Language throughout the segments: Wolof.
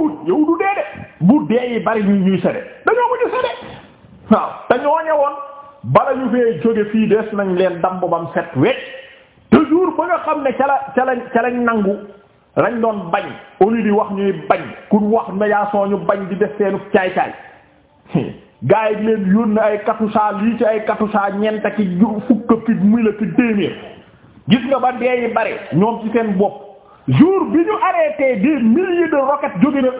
yahud yahud du dee de bu dee yi bari ñu ñuy sede dañoo mujj sede waaw te ñooñe woon bala ñu fee jóge fii des nañ leen damb bam set wecc toujours ba nga xam ne ca la ca la ca lañ nangu lañ doon bañ au lieu di wax ñuy bañ ku wax médiation ñu bañ di def seenu caay-caay gaa yi di leen yónnee ay katusaa lii ci ay katusaa ñeent ak i fukk ak i mille ak i téeméer gis nga ba dee yi bari ñoom ci seen bopp. jour bi ñu arrêté des milliers de roquettes jóge na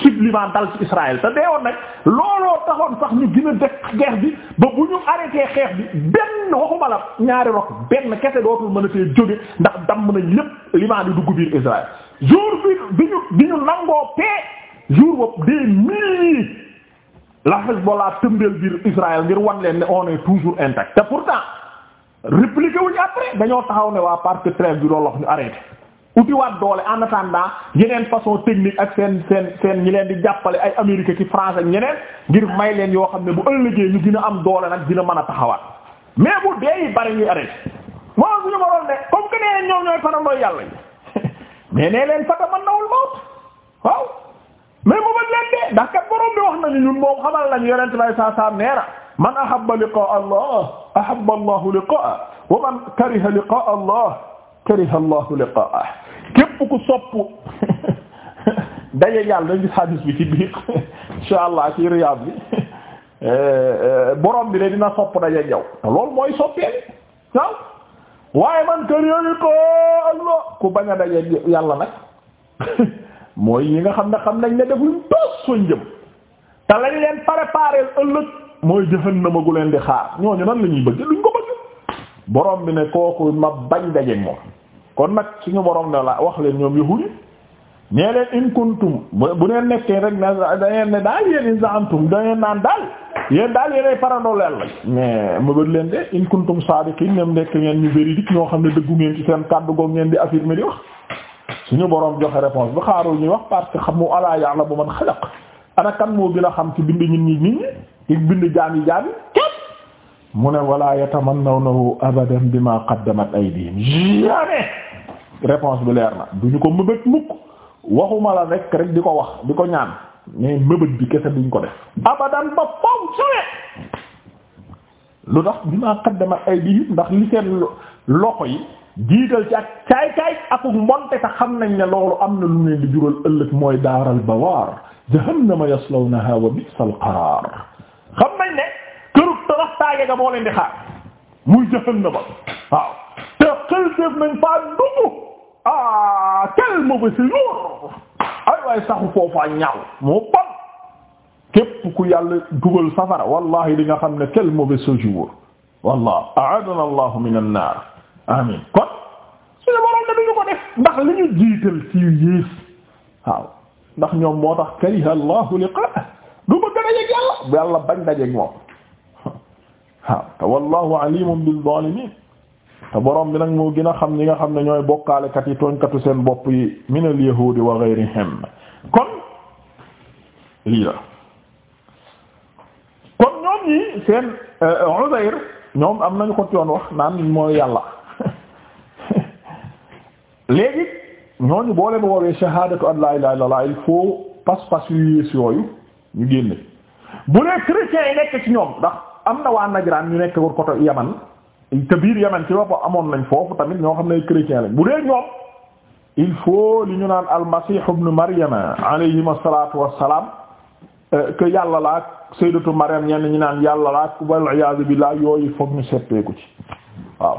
sud Liban dal ci Israël te deewoon nag looloo taxoon sax ñu gën a def geex bi ba bu ñu arrêté xeex bi benn waxuma la ñaari rok benn kese dootul mën a fee jóge ndax damm nañ lépp Liban di dugg biir Israël jour bi bi ñu bi ñu nangoo pee jour boobu des milliers la Hezbollah tëmbeel biir Israël ngir wan leen ne on est toujours intact te pourtant répliqué wuñu après dañoo taxaw ne waa parce que trêve bi loolu wax arrêté utiwaat doole en attendant yeneen façon technique ak seen seen seen ñi leen di jàppale ay Amérique ci France ak ñeneen ngir may leen yoo xam ne bu ëllëgee ñu dina am doole nag dina mën a taxawaat mais bu dee yi bari ñuy arrêté moo suñu waroon ne comme que nee ñoom ñooy fanandoo yàlla yi mais nee leen fata man nawul mawt mais mu mën leen dee ndax kat borom bi wax nañu ñun moom xamal nañu yonent saa saa nee man ahabba liqaa Allah ahabba Allahu liqaa wa man kariha kariha Allahu liqaa'ah képp ku soppu daje yàlla dañu gis hadis bi ci biir insha allah ci Riyad bi eh, eh, borom bi de dina sopp daje yow loolu mooy soppeel waaw waaye man kariha liqaa'ah ku bañ a daje yàlla nag mooy yi nga xam ne xam nañ ne defuñ tos soo jëm te lañ leen préparé ëllëg mooy jahannama gu leen di xaar ñooñu nan lañuy ñuy luñ ko bëgg borom bi ne kooku ma bañ daje moom. kon nag suñu borom ne la wax leen ñoom yahudi ñee leen in kuntum bu neen nekkee rek na dangeen ne daal yéen in za'amtum dangeen naan daal yéen daal yéenay parandoo la mais mëbët leen de in kuntum sadiqin nem nekk ngeen ñu véridique ñoo xam ne dëggu ngeen ci seen kàddu goog ngeen di affirmer di wax suñu borom joxe réponse bi xaarul ñuy wax parce que xamu alaa ya'la bu man xalaq ana kan moo gi a xam ci bind ñun ñi nit ñi bind jaam yi jaam yi képp mu ne wala yatamannawnahu abadan bima qaddamat aydihim jamais réponse bi leer na du ñu ko mëbët mukk waxuma la rek rek di ko wax di ko ñaan mais mëbët bi kese duñ ko def abadan ba faw sole lu tax bi ma qaddama aydihim ndax li seen loxo yi jiital ci ak caay caay akuk mbonte te xam nañ ne loolu am na lu ne di jural ëllëg mooy daaral bawaar jahannama yaslawnaha wa bi'sal qaraar xam nañ ne kërug toroxtaage ga moo leen di xaar muy jahannama waaw te xel def nañ faa dugg ah quel mauvais séjour ay waaye saxu foofa ñaaw moo bon képp ku yàlla dugal safara wallahi di nga xam ne quel mauvais séjour wallah a'adana allahu min an-nar amin kon suñu boroom ne duñu ko def ndax li ñu jiital ci yées waaw ndax ñoom moo tax kariha allahu liqa'ah du bëgg dajeek yàlla yàlla te bi nag moo gin a xam ñi nga xam ne ñooy bokkaalekat yi tooñkatu seen bopp yi minal yahuudi wa ghayrihim kon lii la kon ñoom ñi seen euh, Uzayr ñoom am nañu ko yoon wax naan mooy yàlla léegi ñooñu boo leen woowee shahaadatu an laa ilaaha illallaah il pas-pas yu yées yooyu ñu génne bu dee chrétiens yi nekk ci ñoom ndax am na waa Najraan ñu nekk war côté Yaman te biir Yemen ci boppam amoon nañ foofu tamit ñoo xam ne chrétien lañ bu dee ñoom il faut li ñu naan al-Masih ibn Maryam alayhi as-salatu wassalam euh, que yàlla la ak sayyidatu Maryam ñenn ñi naan yàlla la ak wal iyaazu billah yooyu foog ñu ko ci waaw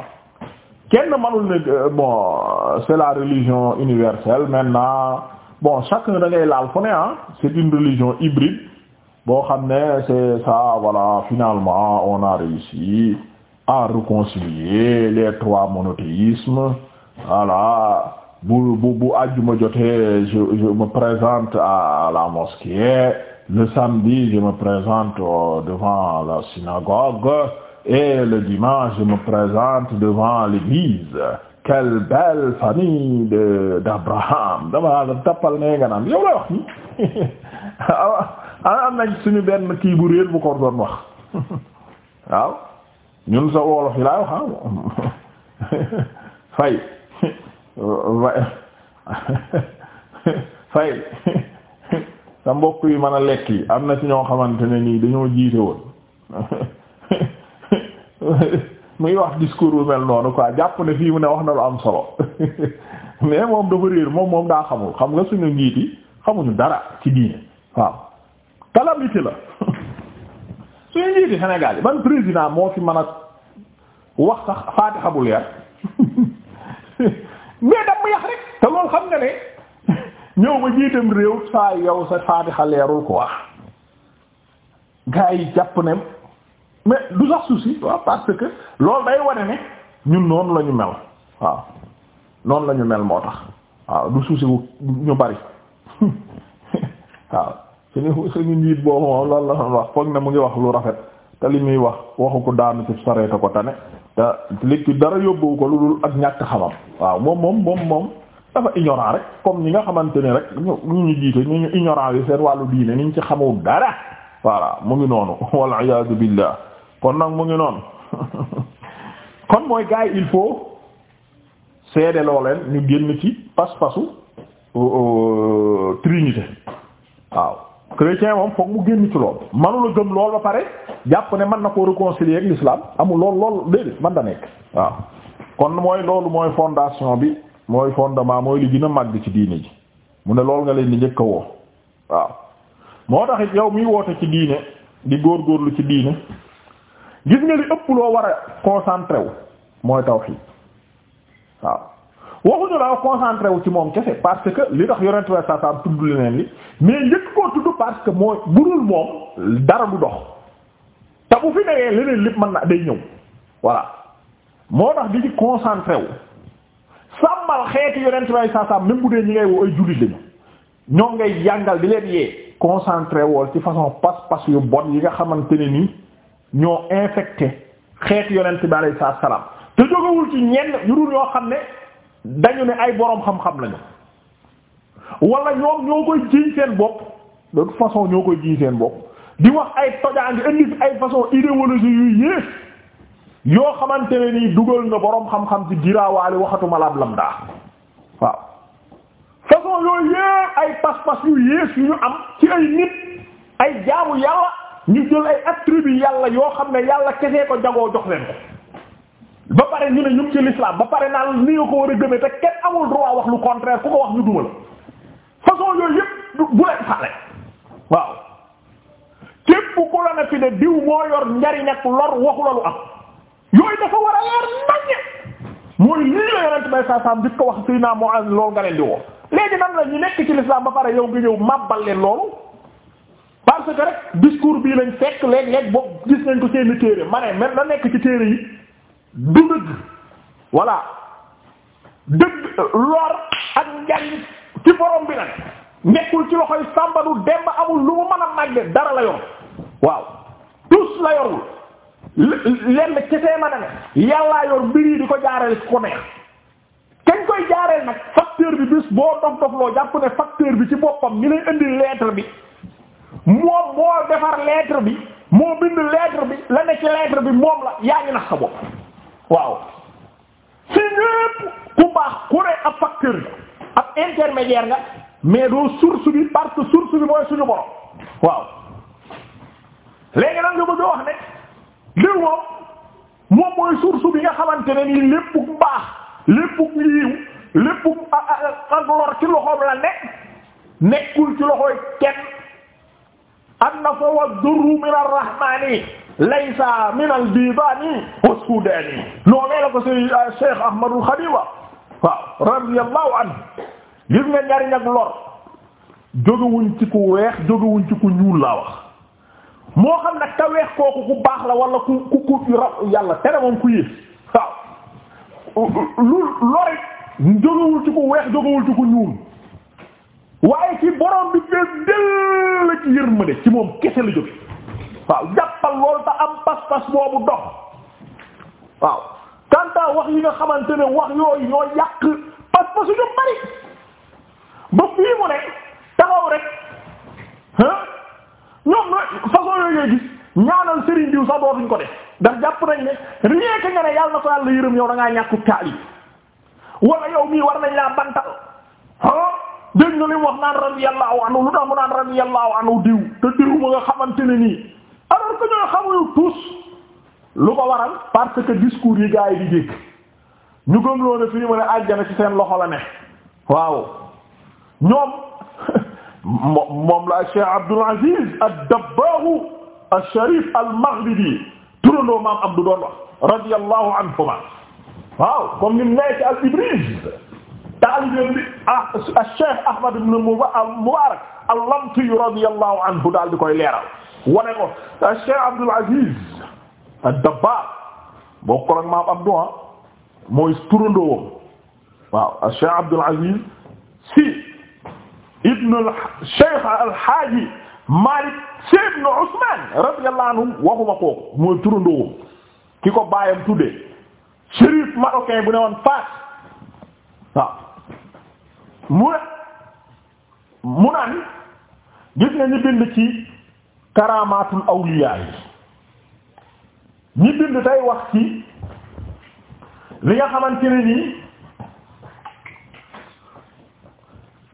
kenn mënul ne euh, bon c'est la religion universelle maintenant bon chacun da ngay l fu ne ah c'est une religion hybride boo xam ne c'est ça voilà finalement on a réussi à réconcilier les trois monothéismes voilà bu bu bu àjjuma jotee je me présente à la mosquée le samedi je me présente euh, devant la synagogue et le dimanche je me présente devant l'église quelle belle famille d'Abraham dama la wax ni ah, ah, am nañ suñu benn kii bu réer bu ko doon wax waaw ñun sa wolof yi laa wax fay fay sa mbokk yi mën a lekk yi am na ci ñoo xamante ne nii dañoo jiite woon muy wax discours bu mel noonu quoi jàpp ne fii mu ne wax na lu am solo mais moom dafa réer moom moom daa xamul xam nga suñu njiit xamuñu dara ci diine waaw calamité la suñu njiiti Sénégal yi ban président moo fi mën a wax sax faatixa leer mais dam mu yàq rek te loolu xam nga ne ñëw ba jiitam réew saa yow sa faatixa leerul quoi gars yi jàpp ne mais du sax souci waaw parce que loolu day wane ne ñun noonu lañu ñu mel waaw noonu la mel moo tax waaw du souci wu ñu bari waaw suñu suñu njiit boobu moom lan la doon wax foog ne mu ngi wax lu rafet te li muy wax waxu ko daanu ci sareeta ko tane te léegi dara yóbbu ko lu dul ak ñàkk xamam waaw moom moom moom moom dafa ignorant rek comme ñi nga xamante ni rek ñu ñu jiite ñu ñu ignorant yi seen wàllu diine niñ ci xamul dara voilà mu ngi noonu wal iyaadu billah kon nag mu ngi noonu kon mooy gaay il faut seede loo leen ñu génn ci pas-pasu euh, euh, trinité waaw chrétien moom foog mu génn ci lool manu gëm lool la pare jàpp ne man na koo réconcilier ak l'islam amul lool lool déedéet man da nekk waaw kon mooy loolu mooy fondation bi mooy fondement mooy li gën a ci diine ji mu ne lool nga leen di njëkk a woo waaw moo tax yow miy woote ci diine di góorgóorlu ci diine gis nga li ëpp loo war a concentré wu mooy tawhid waaw waxuñu la concentré wu ci moom kese parce que li tax yonent way sa sam mais njëkk koo que mooy burul moom dara du dox te leneen lépp mën na day ñëw voilà moo tax di ci wu sàmmal xeeti yonent way sa sam même bu ñoom ngay jàngal di leen yee concentré wool ci façon pas-pas yu bon yi nga xamante ne nii ñoo infecté xeeti yonent bi salaam te jógewul ci ñenn yu dul yoo xam ne dañu ne ay boroom xam-xam lañu wala ñoom ñoo koy jiiñ seen bopp de toute façon ñoo koy jiiñ seen bopp di wax ay tojaangi indi fi ay façon idéologie yuy yées yoo xamante ne nii dugal na boroom xam-xam ci giraawaali waxatuma laab lam daa waaw façon yooyu yépp ay pas-pas yu yées yu ñu am ci ay nit ay jaamu yàlla ñu jël ay attribut yàlla yoo xam ne yàlla kesee ko jagoo jox leen ko ba pare ñu ne ñu ci l'islam ba pare naa ni nga ko war a gëmee te kenn amul droit wax lu contraire ku ko wax ñu duma la façon yooyu yëpp bu leen faale waaw képp ku la na fi ne diw moo yor njariñ ko lor waxu la lu am yooyu dafa war a leer naññe mooy lii la yonent bay saa saam di ko wax Seydina Muaz loolu nga leen di woo léegi nan la ñu nekk ci l'islam ba pare yow nga ñëw màbbal leen loolu parce que rek discours bii lañ fekk léeg-léeg boobu gis nañ ko seeni téere ma ne même nekk ci téere yi du dëgg voilà dëgg lor ak njàng ci borom bi nag nekkul ci loxoy sàmba du demb amul lu mu mën a màgge dara la yor waaw tous la yorul lenn kesee ma ne ne yàllaa yor mbir yi ko jaareel ci ko koy jaareel nag facteur bi bis boo dof dof loo jàpp ne facteur bi ci boppam ñu lay indi lettre bi moom moo defar lettre bi moo bind lettre bi la ne ci lettre bi moom la yaa ngi nax sa bopp waaw si ñépp ku baax ku ne ab facteur ab intermédiaire nga mais doo source bi parce que source bi mooy suñu borom waaw léegi nag nga bëgg a wax ne lii moom mooy source bi nga xamante ne nii lépp ku baax lépp ku yiw lépp ak lor ci loxoom la nekk nekkul ci loxoy kenn an-naf'u wa min ar-rahmani laysa min al bidani wa sudani noonee la ko si euh, Cheikh Ahmadul Khadim waaw radiyallahu anhu gis nga njariñ ak lor jógewuñ ci ku weex jógewuñ ci ku ñuul laa wax moo xam nag ka weex kooku ku baax la wala ku ku ku rab yàlla tere moom ku yées waaw lu lori jógewul ci ku weex jógewul ci ku ñuul waaye ci borom bi te dell ci yërmande ci moom kese la jóge waaw jàppal loolu te am pas-pas boobu dox waaw kanta wax yi nga xamante ne wax yooyu ñoo yàq pas-pasu ñu bari ba fii mu ne taxaw rek ah ñoom ñooy façon yooyu ngay gis ñaanal Serigne diw sax dootuñ ko def ndax jàpp nañ ne rien que nga ne yàlla na ko yàlla yërëm yow da ngaa ñàkku taal yi wala yow war nañ laa bantal ah dégg nga li mu wax naan radiyallahu anhu lu tax mu naan radiyallahu anhu diw te diw a nga xamante ne nii. que ñooy lu ko waral parce que discours yi gars yi di dégg ñu gëm loo ne fii mu ci seen loxo la ne waaw ñoom moom la Cheikh Abdul Aziz ad-Dabbagh ash-Sharif al-Maghribi turandoo maam Abdou doon wax anhuma waaw comme ni mu al-Ibriz taalibe bi ah Cheikh Mubarak al-Lamti radiyallahu anhu daal di koy leeral wane ko ah, Cheikh Abdul Aziz ad-Dabbagh bokkul ak maam Abdou ah, mooy turandoowam waaw ah, Cheikh Abdul Aziz si ibn Cheikh al-Haaji Malik si ibn Usman radiyallahu anhu waxuma kooku mooy turandoowam ki ko baayam tuddee shérif marocain bu ne woon Fass waaw mu mu naan gis nga ñu bind ci. karaamaatul awliyaa yi ñi bind tey wax ci li nga xamante ne nii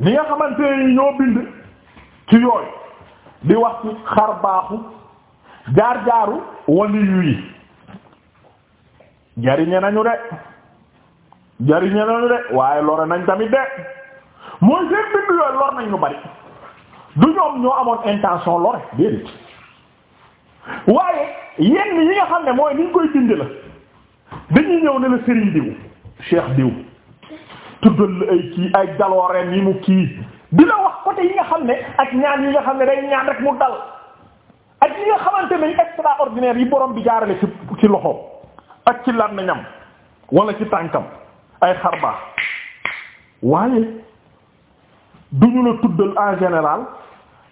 li nga xamante ñoo bind ci yooyu di wax ci xar baaxu jaar jaaru waliyu yi jariñe nañu de jariñe nañu de waaye lore nañ tamit de mooy seen bind yooyu lor nañ lu bari du ñoom ñoo amoon intention lore déedéet waaye yenn yi nga xam ne mooy niñ koy bind la dañuy ñëw ne la Serigne diw Cheikh diw tuddal ay kii ay dalooreen yi mu kii di la wax côté yi nga xam ne ak ñaan yi nga xam ne day ñaan rek mu dal ak yi nga xamante ne extraordinaire yi borom bi jaarale ci ci loxo ak ci làmmiñam wala ci tànkam ay xarbaax waaye duñu la tuddal en général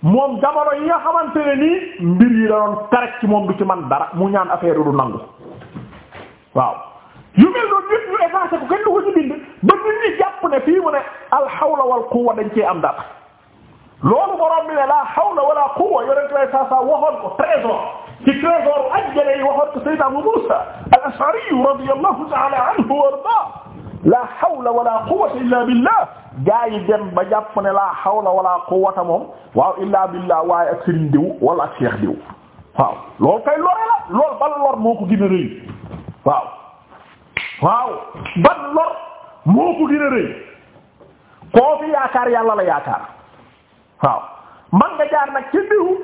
moom jamono yi nga xamante ne nii mbir yi da doon moom du ci man dara mu ñaan affaire du nangu waaw yu mel noonu yëpp ñu effacé ko kenn ko ci bind ba nit ñi jàpp ne fii mu ne al hawla wal quwwa dañ cee am dara loolu borom bi ne la hawla wala quwwa yonent way saa saa waxoon ko trésor ci trésor ajjale yi waxoon ko sayyidina Abu Musa al-Ash'ari radiyallahu ta'ala anhu wa arda la hawla wala quwwata illa gaa yi dem ba jàpp ne la hawla wala quwwata moom waaw illa billah waaye ak sëriñ diw wala ak seex diw waaw loolu kay lore la lool ban lor moo ko gën a rëy waaw waaw a rëy koo fi yaakaar yàlla la yaakaar waaw man nga jaar nag ci diw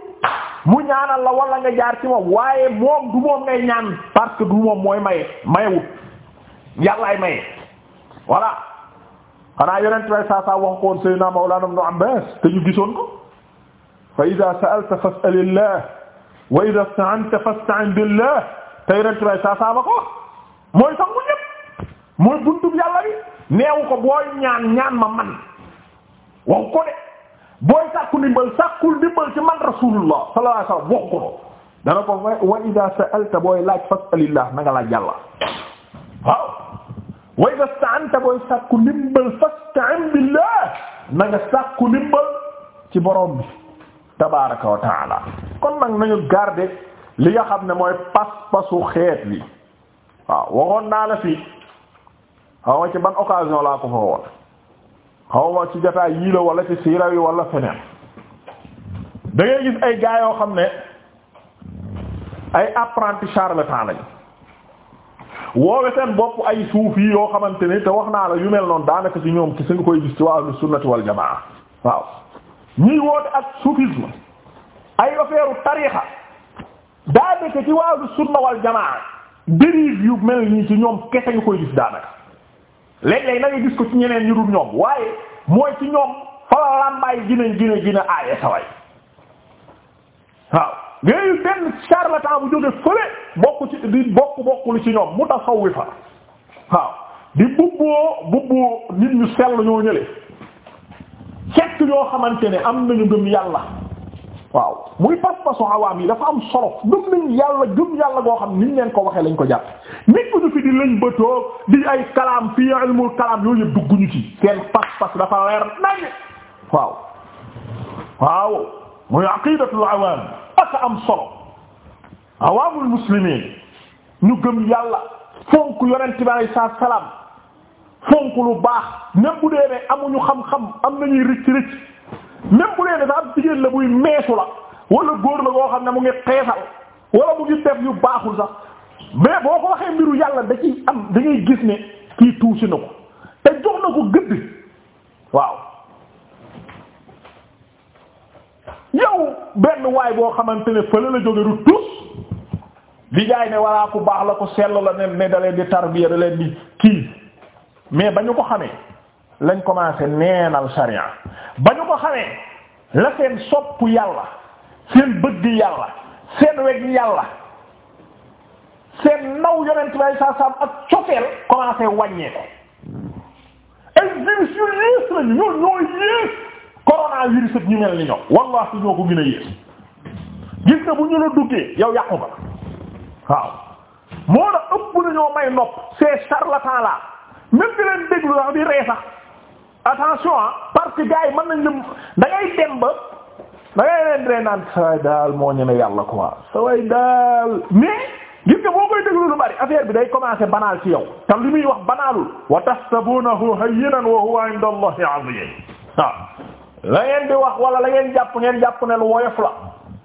mu ñaanal la wala nga jaar ci moom waaye moom du moom ngay ñaan parce que du moom mooy maye mayewut yàllaay maye voilà xanaa yonent way saa saa wax ko woon Seydina Mawlana Ibn Abbas te ñu gisoon ko fa ida sa'alta fas'alillah wa ida ista'anta fasta'in billah te yonent way saa saa ba ko mooy sangu ñépp mooy buntub yàlla bi neewu ko booy ñaan ñaan ma man wax ko de booy sàkku ndimbal sàkkul ndimbal ci man rasulullah sallallahu alayhi wasallam wax ko dana ko wa ida sa'alta booy laaj fas'alillah na nga laaj yàlla waaw way da sta'anta booy sàkku ndimbal fasta'in billah na nga sàkku ndimbal ci borom bi tabaraka wa kon nag nañu garde li nga xam ne mooy pas-pasu xeet bi waaw waxoon naa la fi xaw ma ci ban occasion laa ko fa woon xaw ma ci jotaay yii la wala ci siira yi wala feneen da ngay ay gaa yoo xam ne ay apprenti charlatan lañu woowe seen bopp ay suufi yoo xamante ni te wax naa la yu mel noonu daanaka ci ñoom ci si nga koy gis ci wàllu sunnati wal jamaa waaw ñuy woote ak soufisme ay affaire tariixa daanaka ci wàllu sunna wal jamaa dérive yu mel nii ci ñoom kese nga koy gis daanaka léeg-léeg na nga gis ko ci ñeneen ñu ñoom waaye mooy ci ñoom fa la làmbaay gina gina gina aaye saway waaw yooyu benn charlatan bu jóge fële bokk ci di bokk bokkul ci ñoom mutasawwifa waaw di bubboo bubboo nit ñu sell ñoo ñële fekk ñoo xamante ne am nañu gëm yàlla waaw muy pas-pasu awaam yi dafa am solo gëm nañ yàlla gëm yàlla goo xam niñ leen ko waxee lañ ko jàpp nit ku fi di lañ bëtoog di ay kalaam fii ilmul kalaam yooyu yëpp dugguñu ci seen pas-pas dafa leer nañ waaw waaw muy aqidatul awaam aka am solo awaamul muslimiin ñu gëm yàlla fonk yonent bi alayhi salaatu salaam fonk lu baax même bu dee ne amuñu xam-xam am nañuy rëcc rëcc même bu dee ne sax am jigéen la buy meesu la wala góor la goo xam ne mu ngi xeesal wala mu ngi def yu baaxul sax mais boo ko waxee mbiru yàlla da ciy am da ngay gis ne kii tuusi na ko te jox na ko gëdd waaw yow benn waay boo xamante ne fële la jóge du tus li jaay ne walaa ku baax la ko sell la ne ne da leen di tarbiya da di kii mais ba ñu ko xamee lañ commencé neenal sharia ba ñu ko xamee la seen sopp yàlla seen bëgg yàlla seen weg yàlla seen naw yonent bay saa saam ak cofeel commencé wàññee ko ay virus yu yées lañu ñoo ñoo yées coronavirus ak ñu mel ni ñoom wallahi ñoo ko gën a yées gis nga bu ñu la duggee yow yàqu nga waaw moo la ëpp la may nopp ces charlatans là même di leen déglu sax di ree sax attention ah. parce que gars yi mën nañ dem da ngay dem ba da leen ree naan sawaay daal moo ñeme yàlla quoi sawaay daal mais gis nga boo koy déglu lu bari affaire bi day commencer banaal ci yow te li muy wax banaalul wa tahsabunahu hayyinan wa huwa inda allahi azim waaw la ngeen di wax wala la ngeen jàpp ngeen jàpp ne lu woyof la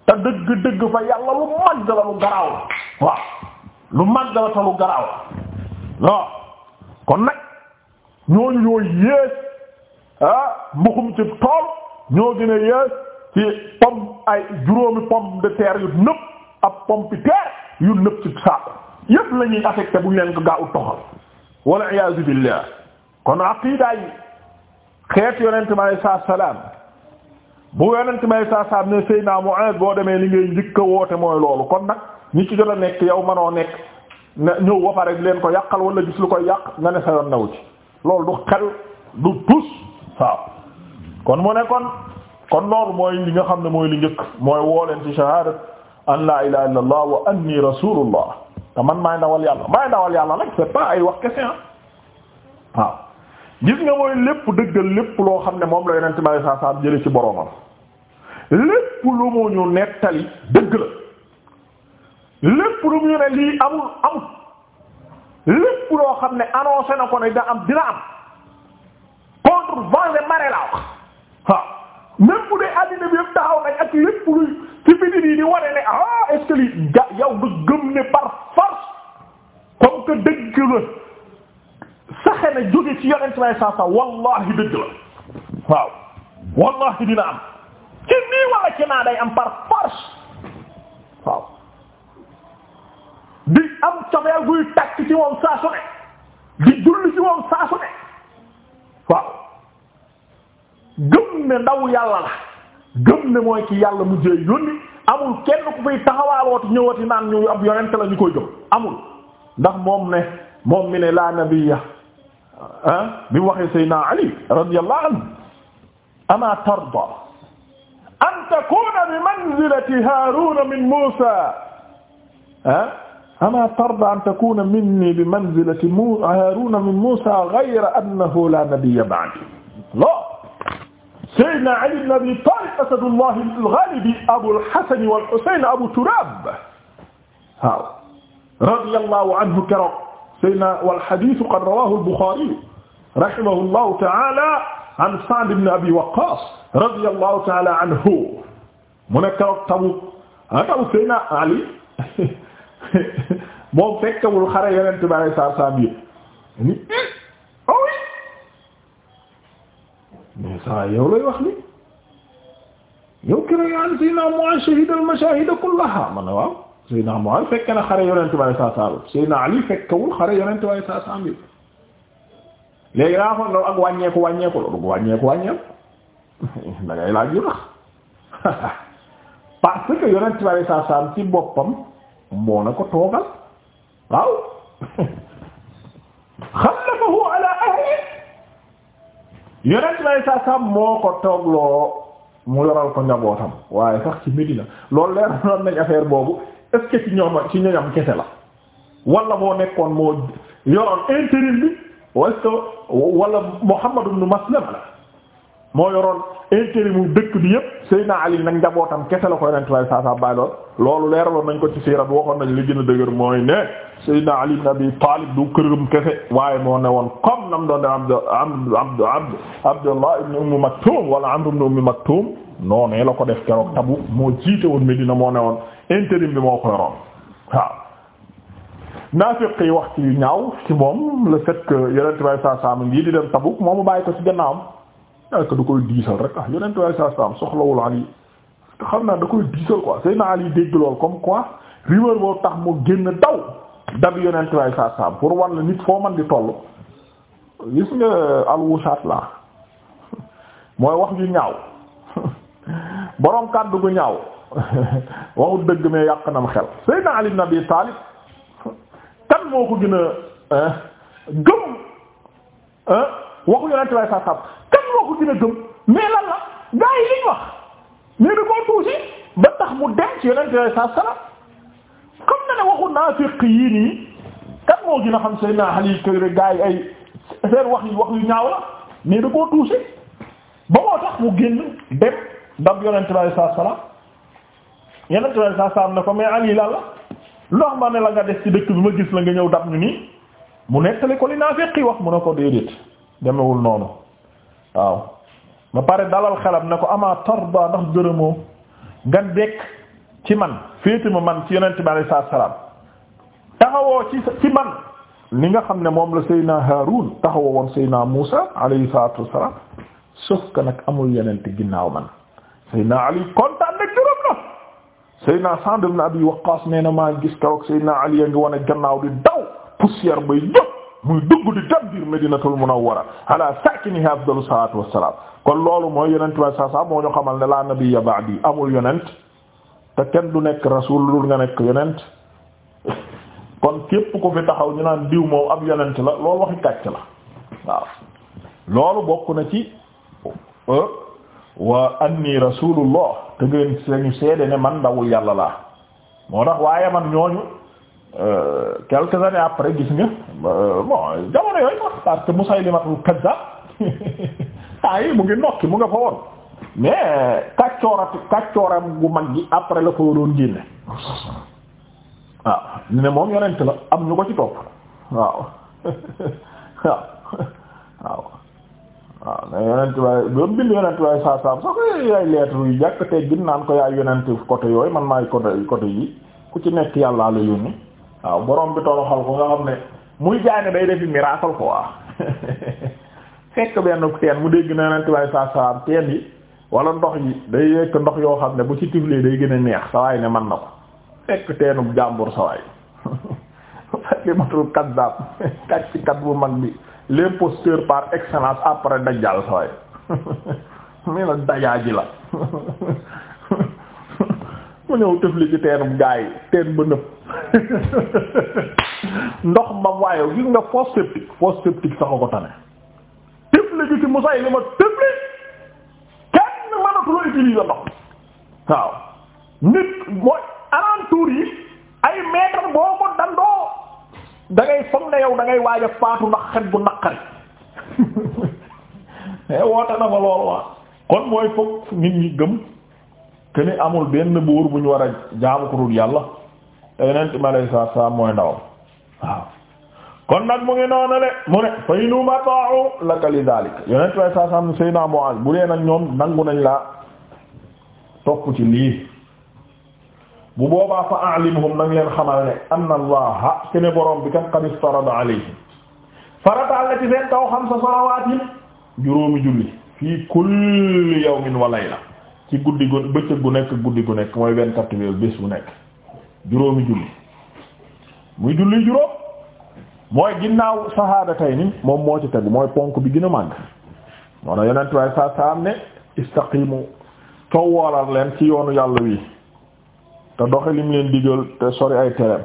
te dëgg-dëgg fa yàlla lu mag la lu garaaw la waaw lu màgg la te lu la waaw kon nag ñooñu ñoo yées ah, mbuxum ci tool ñoo gën a yées ci pomme ay juróomi pomme de terre yu nëb ab pomme de yu nëb ci saako yépp la ñuy bu ñu leen ko gaaw toxal wala iyaazu kon aqiida xeet yonent bi alay salaam bu yonent bi alay salaam ne Seydina Mu'aaz boo demee li ngay njëkk woote mooy loolu kon nag ñi ci jot a nekk yow manoo nekk na ñëw ba pare leen ko yàqal wala gis lu koy yàq nga ne sa yoon naw ci loolu du xel du tus waaw kon mu ne kon kon loolu mooy li nga xam ne mooy li njëkk mooy woo leen ci shahaadat an laa ilaaha illallah wa anni rasulullah te man maay ndawal yàlla maay ndawal yàlla nag c'est ay wax kese ah waaw gis nga mooy lépp dëggal lépp loo xam ne moom la yonent bi sallallahu alayhi wasallam jële ci boroomam lépp lu mu ñu nettali dëgg la lépp lu mu ñu ne lii amul amul lépp loo xam ne annoncé na ko ne da am dina am contre vents et marées laa wax waaw même dee àddina bi yëpp taxaw nañ ak lépp luy ci biti yi di wane ne ah est ga yow nga ne par force comme que dëgg la ci yonent lay saa saa wallahi dëgg la waaw wallahi dina am ci nii wala ci naa day am par force waaw di am cofeel guy takk ci moom saa su ne di julli ci moom saa su ne waaw gëm ne ndaw yàlla la gëm ne mooy ki yàlla mujjee yónni amul kenn ku fiy taxawaalooti ñëwati naan ñu ab yonent la ñu koy gëm amul ndax moom ne moom mi ne laa nabiya ah bi mu waxee Seydina Ali radiyallahu anhu ama tarda an takuna bi manzilati Haaruna min Muusaa ah ama tarda an takuna minni bi manzilati Haaruna min Muusaa ghayra annahu laa nabiyya ba'di Seydina Ali ibn Abi Taalib asadullah al-Ghaalibi Abul Hasan wal Husayn Abu Turaab waaw radiyallahu anhu keroog sayna wal hadiisu qad rawaahu al-Buxaari rahimahullahu ta'aala an Sa'd ibn Abi Waqqaas radiyallahu ta'aala anhu mu ne keroog Tabuuk ah Tabuuk sayna Ali moom fekkewul xare Yonent bi alayhi salaatu wa salaam yëpp eh, oh mais saa yow lay wax ni yow keroog yaa sayna Mu'aaz shahida al-mashaahida kullahaa ma ne waaw. Seydina Mu'aaz fekk na xare yonent bi saa saa bi Seydina Ali xare yonent bi saa léegi daa xam loolu ak wàññeeku wàññeeku loolu bu wàññeeku wàññeeku da ngay laaj yu tax parce que yonent ci boppam moo na ko toogal waaw xallafahu ala ahli yonent bi saa saa moo ko toogloo mu yoral ko njabootam waaye sax ci Medina loolu leer na nañ affaire boobu est-ce que ci ñoom ci ñoñam kese la walla moo nekkoon moo yoroon intérim bi wala wala Muhammad ibn Maslama la moo yoroon intérimu dëkk bi yépp Seydina Ali nag njabootam kese la ko yonent waaye saa saa bàyyi loolu leeraloon nañ ko ci siira bi waxoon nañ li gën a dëgër mooy ne Seydina Ali ibn Abi Taalib du këram kese waaye moo ne woon comme nam doon ne Abd Abd Abd Abd Abdullah ibn Umm wala Amr ibn Umm Maktum noonee la ko def keroog Tabuk moo jiite woon Medina moo ne woon intérim bi moo ko yoroon waaw naafiq yi wax ci ñaaw ci moom la fait que yonent bi saa saam ngi di dem Tabuk moo mu bàyyi ko ci gannaawam ak du koy diisal rek ah yonent bi saa saam soxlawul Ali xam naa da koy diisal quoi Seydina Ali dégg lool comme quoi rumeur boobu tax mu génn daw dab yonent bi saa saam pour wan la nit foo man di toll gis nga alwushaat la mooy wax ju ñaaw boroom kàddu gu ñaaw. waxut dëgg mais yàq nam xel Seydina Ali ibn Abi Talib moo ko gën a gëm waxu yonente gaa yi liñ wax mais da koo tuuti ba tax mu dem ci yonente way sa sala comme na ne waxu naafiq yii nii kan moo gën a xam Seydina Ali kër gaa yi ay seen wax yi wax yu ñaaw la mais da koo tuuti ba moo tax mu génn dem dab yonente way sa sala yeneen tubaab sa saam ne ko mais Ali lan la loo ma ne la nga des ci dëkk bi ma gis la nga ñëw dab ñu nii mu nettali ko li naafiq yi wax mu ne ko déedéet demewul noonu waaw ba pare dalal xelam ne ko amaa tarda ndax gërëmoo nga dekk ci man féete ma man ci yonent bi sa salaam taxawoo ci ci man ni nga xam ne moom la Seyna Haarun taxawoo woon Seyna Muusa alayhi salaatu wassalaam sauf ko nag amul yonent ginnaaw man Seyna Ali kontaan na Seydina Sa'd ibn Abi Waqqas nee na maa gis keroog Seydina Ali a ngi wane gannaaw di daw poussière bay jóg muy dugg di dem biir Madinatul Munawwara ala sakiniha afdalu salaatu wassalaam kon loolu mooy yonent bi saa saa moo ñu xamal ne laa nabiyya ba'di amul yonent te kenn du nekk rasul lu nga nekk yonent kon képp ko fi taxaw ñu naan diw moom ab yonent la loolu waxi kàcc la waaw loolu bokk na ci. Euh, wa anni rasulullah te ngeen sañu seede ne man ndawul yàlla laa moo tax waaye man ñooñu euh, quelques années après gis nga euh, bon jamono yooyu sax parce que Musaylimatul Kazzab ay ah, mu ngi nokki mu nga fa woon mais kàccoorat kàccooram gu mag gi après la ko doon génne waaw ah, ne moom yonent la am ñu ko ci topp waaw waaw waaw waaw na yonent waaye ba mu bind yonent waaye saa saam sax yaay lettre yu jàkk te gin naan ko yaay yonent côté yooyu man maay côté côté yi ku ci nekk yàllaa la yónni waaw borom bi toroxal ko nga xam ne muy jaay ne day defi miracle ko waaw fekk benn teen mu dégg na yonent waaye saa saam teen yi wala ndox yi day yekk ndox yoo xam ne bu ci tiflee day gën a neex sawaay ne man na ko fekk teenu jàmbur sawaay fekk matul ma daal kat ci kat bu l'imposteur par excellence après dajjal saway mi la dajaa ji la mu ñëw tëfli ci teenum gaay teen ba nëb ndox ma waaye gis nga fosse septique fosse septique sax ko tane tëfli gi ci musay li ma tëfli kenn mënatu la utiliser ndox waaw nit mooy alentour yi ay mètre boo ko dandoo da ngay foog ne yow da ngay a faatu ndax xet bu naqari mais eh, woote na ma loolu waa kon mooy foog nit ñi gëm que amul benn buur bu ñu war a jaamu ko dul yàlla te yeneen ma lay saa saa mooy ndawam waaw. kon nag mu ngi noonu le mu ne fa inu mata'u laka li dalik yeneen ma saa saa mu Seydina Mu'az bu dee nag ñoom nangu nañ laa topp ci lii. bu boobaa fa a'limhum nag leen xamal ne anna allaha kene borom bi kat qad istarada alayhim farataal na ci seen kaw xam sa salawaat juróomi julli fii kulli yawmin wa layla ci guddi gu bëccëg gu nekk guddi gu nekk mooy vingt-quatre heures bés bu nekk juróomi julli muy julli juróom mooy ginnaaw shahaadatayni moom moo ci tegu mooy ponk bi gën a màgg moo na yonent waaye saa saa am ne istaqimu cowwooral leen ci yoonu yàlla wi te doxe lim leen digal te sori ay tereem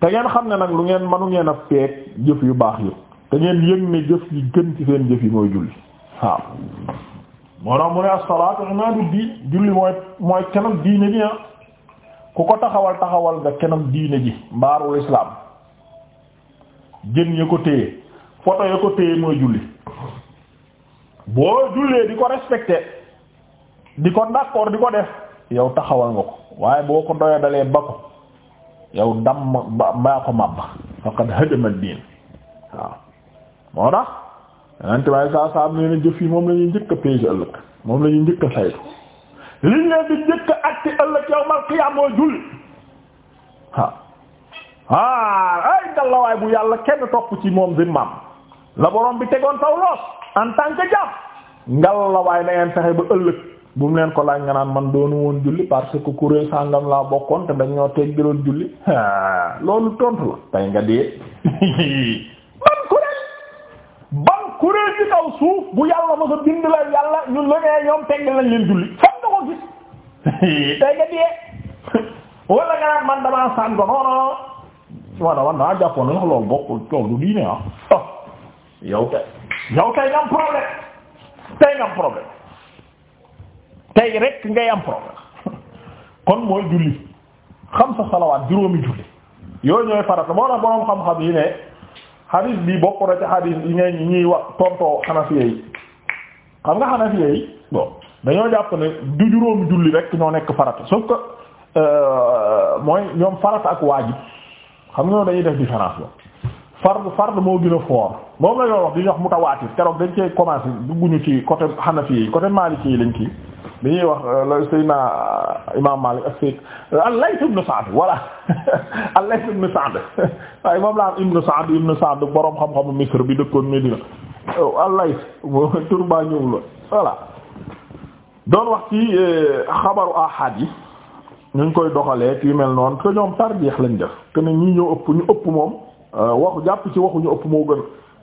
te ngeen xam ne nag lu ngeen manu ngeen a peeg jëf yu baax yi te ngeen yëg ne jëf yi gën ci seen jëf yi mooy julli waaw moo tax mu ne as-salaatu imaadu diin julli mooy mooy kenam diine ji ah ku ko taxawal taxawal nga kenam diine ji mbaarul islaam jën ya ko téye foto ya ko téye mooy julli boo jullee di ko respecté di ko d'accord di ko def yow taxawal nga ko waaye boo ko doya dalee ba ko yow damm a ko màbb faqad hajama diin waaw moo tax yenente may saa saa am nee jëf yi moom la njëkk a page ëllëg moom la njëkk a saytu liñ leen di njëkk a atti ëllëg yow mal xiyaam mooy julli ah ay dallawaay bu yàlla kenn topp ci moom zimmaam la bi tegoon saw loos en jàpp ngalla na ngeen fexe ba ëllëg bu mu leen ko laaj nga naan man doonu woon julli parce que kuréel sàngam laa bokkoon te dañ ñoo teggiloon julli loolu tontu la tey nga dee ban kuréel ban kuréel ci kaw suuf bu yàlla ma sa bind la yàlla ñun la ñoom teggil lañ leen julli fan nga ko gis tey nga dee wala nga naan man damaa sànko noono wala wan naa jàppoon na loolu bokkul coow du diine ah oh. yow kay yow kay nga problème tey nga problème tey rek ngay am problème kon mooy julli xam sa salawaat juróomi julli yooyu ñooy farata moo tax boroom xam-xam yi ne xadiis bi bokk na ci xadiis yi ngay ñuy wax tontoo xanafiya yi xam nga xanafiya yi bon dañoo jàpp ne du juróomi julli rek ñoo nekk farata sauf que euh, mooy ñoom farata ak waajib xam nga dañu def différence la fard fard moo gën a fort moom la ñoo wax di ñu wax mutawaatir keroog dañ cee commencé dugguñu ci côté xanafiya yi côté maaliki yi lañ kii bi ñuy wax euh, Seydina euh, Imaam Maalik ak Seyd euh, al-Layth ibn Sa'd voilà al-Layth ibn Sa'd waaye moom laa am boroom xam-xamu Misr bi dëkkoon Medina oh, al-Layth tur baa doon wax ci xabaru ahad yi ñu koy doxalee yu mel noonu te ñoom tarjeex lañ def que ne ñi ëpp ñu ëpp moom waxu jàpp ci waxuñu ëpp moo gën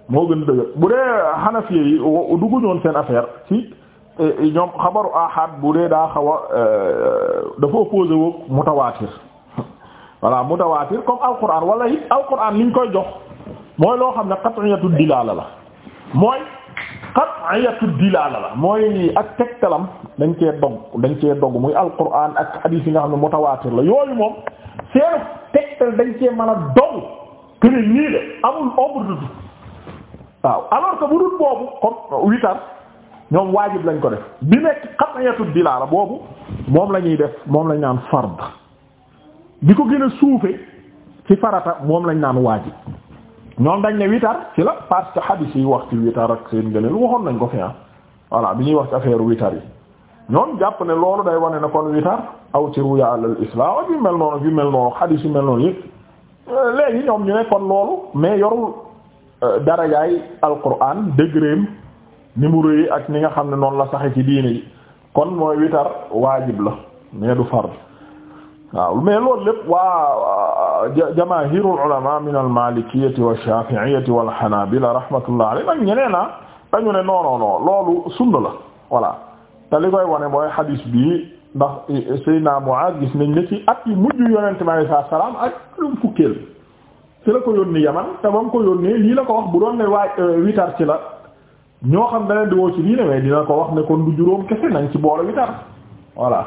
moo gën dëgër bu dee Hanafi yi dugguñoon seen affaire Euh, ñoom xabaru ahad bu dee daa xaw a euh, dafa opposé wu mutawaatir voilà mutawaatir comme alquran wala it alquran liñ koy jox mooy loo xam ne qat'iyatu dilaala la mooy qat'iyatu dilaala la mooy ak tegtalam dañ cee dog dañ cee dog muy alquran ak hadith yi nga xam ne mutawaatir la yooyu moom seen tegtal dañ cee mën a dog que nii la amul ombre de doute waaw alors que bu dul boobu comme witar ñoom waajib lañ ko def bi nekk xatayatu dilaala boobu moom la ñuy def moom lañ naan fard bi ko gën a suufe ci farata moom lañ naan waajib ñoom dañ ne witar ci la parce que hadith yi wax ci witar ak seen gëneel waxoon nañ ko fi ah voilà bi ñuy wax ci affaire witar yi ñoom jàpp ne loolu day wane ne kon witar aw ci ruya al islam ak yu mel noonu ak yu mel noonu hadith yu mel noonu yëpp léegi ñoom ñu ne kon loolu mais yorul euh, darajaay alquran degrém numéro yi ak ni nga xam ne noonu la saxe ci diine kon mooy witar waajib la mais du fard waaw mais loolu lépp waa jamaahirul ulama min al malikiyyati wa shafi'iyyati wal hanabila rahmatullah alayhi ak ñeneen a ah, dañu ne non loolu sunna la voilà te li koy wane mooy hadis bi ndax Seydina Muaaz gis nañ ne ci at yu mujj yonente mi alayhi salaam ak lum fukkeel ci la ko yónni Yaman te ba mu ko yónnee lii la ko wax bu doon ne waaj euh, witar ci la ñoo xam ne di woo ci diine waaye dina ko wax ne kon du juróom kese nañ ci boole witar voilà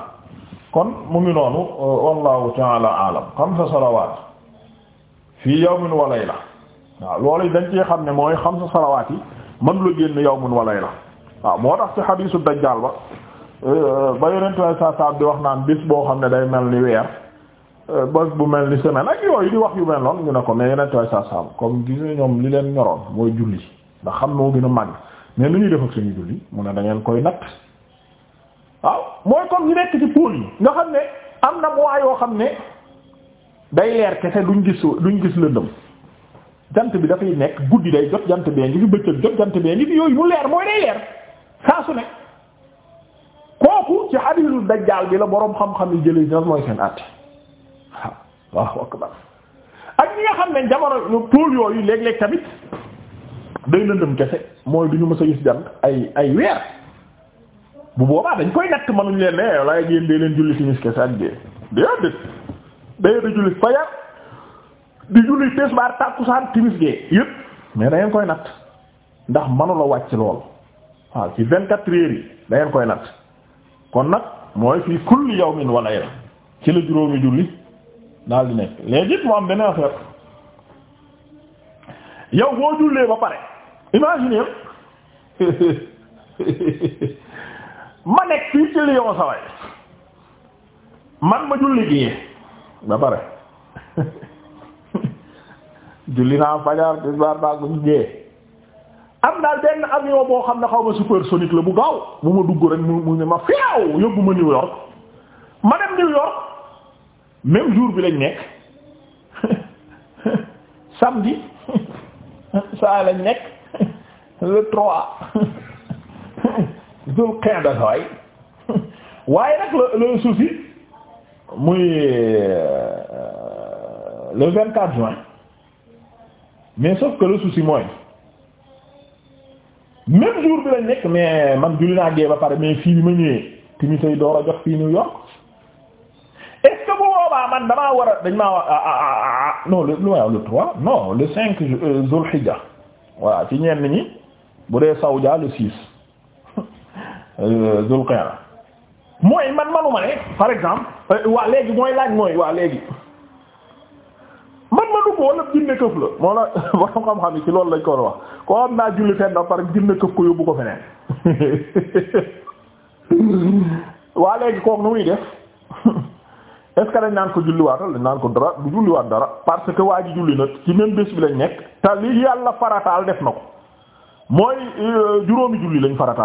kon mu ngi noonu euh, wallahu taala alam xamsa salawaat fii yawmin wa layla waaw loolu dañ ci xam ne mooy xamsa salawaat yi man lu génn yawmin wa layla waaw moo tax ci xadiisu dajjaal ba euh, ba yonent way sa saab di wax naan bis boo xam ne day mel ni weer euh, bés bu mel ni semaine ak yooyu di wax yu mel noonu ñu ne ko mais yonent way sa saab comme gis ñoom li leen ñoroon xam moo gën màgg mais lu ñuy def suñu julli mu ne da ngeen koy natt waaw mooy comme ñu nekk ci pôle yi nga xam ne am na mois yoo xam ne day leer kese duñ gis duñ gis lëndëm jant bi dafay nekk guddi day jot jant bee ngi fi bëccëg jot jant bee ngi fi leer mooy day leer saa su ne kooku ci hadiisu dajjaal bi la boroom xam-xam yi jëlee dina mooy seen àtte waaw waaw akbar ak ñi nga xam ne jamono pôle yooyu léeg-léeg tamit. day lëndëm kese mooy du ñu mës a gis ay ay weer bu boobaa dañ koy natt manuñ leen ne laay génn dee leen julli timis kese ak dee déedéet day di julli fajar di julli tisbaar tàkkusaan timis gee yëpp mais da koy natt ndax manula wàcc lool waaw ci vingt-quatre heures yi da koy natt kon nag mooy fii kulli yawmin wa layla ci la juróomi julli daal di nekk léegi it am beneen affaire yow boo jullee ba pare imaginez ma nekk fii ci Lyon saway man ma julli gée ba pare julli naa fajar di bar baa guñ gée am daal benn avion boo xam ne xaw ma supersonique la bu gaaw bu ma dugg rek mu mu ne ma fiaw yóbbu ma New York ma dem New York même jour bi lañ nekk samedi saa lañ nekk le trois zul qa'da saway waaye nag le le souci muy euh, le vingt quatre juin mais sauf que le souci mooy même jour bi lañ nekk mais man julli naa ba pare mais fii bi ma ñëwee timi tay door a jox fii New York est-ce que bu man damaa war a dañ maa war a ah, ah, ah, non le le trois non le cinq euh, Zul Hijja voilà ci ñenn ñi. bu dee sawja le six Dul euh, Qa'da mooy man manuma ne par exemple euh, waa léegi mooy laaj mooy waa léegi man manu ko wala jinne këf la moo la borom xam-xam yi ci loolu lañ ko wax koo xam naa julli fenn par jinne këf ko yóbbu ko feneen waa léegi kook nu muy def est dañ naan ko julliwaatal dañ naan ko dara du julliwaat dara parce que waa julli na ci même bés bi lañ nekk te li yàlla farataal def na ko mooy euh, juróomi julli lañ farataal